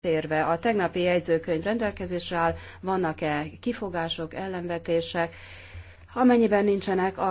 Térve a tegnapi jegyzőkönyv rendelkezésre áll, vannak-e kifogások, ellenvetések, amennyiben nincsenek,